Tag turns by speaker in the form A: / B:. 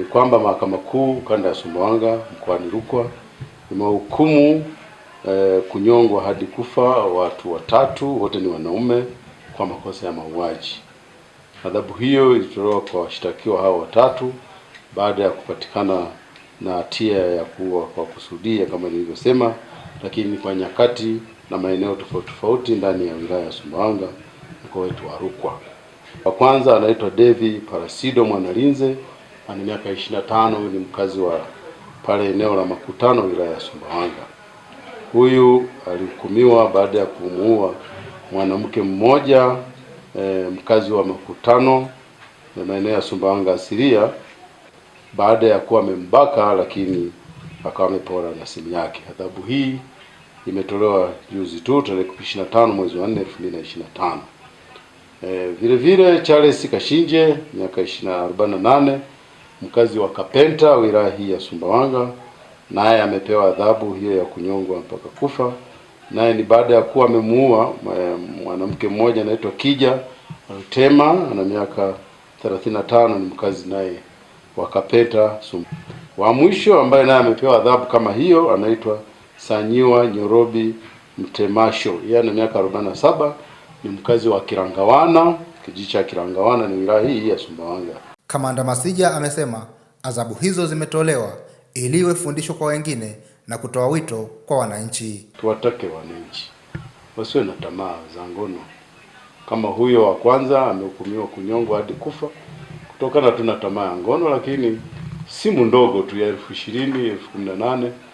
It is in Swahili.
A: Ni kwamba Mahakama Kuu kanda ya Sumbawanga mkoani Rukwa imehukumu eh, kunyongwa hadi kufa watu watatu, wote ni wanaume kwa makosa ya mauaji. Adhabu hiyo ilitolewa kwa washtakiwa hao watatu baada ya kupatikana na hatia ya kuua kwa kusudia kama nilivyosema, lakini kwa nyakati na maeneo tofauti tofauti ndani ya wilaya ya Sumbawanga, mkoa wetu wa Rukwa. Wa kwanza anaitwa Devi Parasido Mwanalinze ana yaani miaka ishirini na tano. ni mkazi wa pale eneo la Makutano, wilaya ya Sumbawanga. Huyu alihukumiwa baada ya kumuua mwanamke mmoja e, mkazi wa Makutano na eh, maeneo ya Sumbawanga asilia baada ya kuwa amembaka, lakini akawa amepora na simu yake. Adhabu hii imetolewa juzi tu tarehe 25 mwezi wa 4 2025. Eh, vile vile Charles Kashinje miaka 48 mkazi wa Kapenta, wilaya hii ya Sumbawanga, naye amepewa adhabu hiyo ya kunyongwa mpaka kufa. Naye ni baada ya kuwa amemuua eh, mwanamke mmoja anaitwa Kija Rutema, ana miaka 35, ni mkazi naye wa Kapenta. Wa mwisho ambaye naye amepewa adhabu kama hiyo anaitwa Sanyiwa Nyorobi Mtemasho, yeye ana miaka 47, ni mkazi wa Kirangawana, kijiji cha Kirangawana, ni wilaya hii ya Sumbawanga.
B: Kamanda Masija amesema adhabu hizo zimetolewa ili iwe fundisho kwa wengine na kutoa wito kwa wananchi.
A: Tuwatake wananchi wasiwe na tamaa za ngono kama huyo wa kwanza amehukumiwa kunyongwa hadi kufa kutokana tu na tamaa ya ngono, lakini simu ndogo tu ya elfu ishirini elfu kumi na nane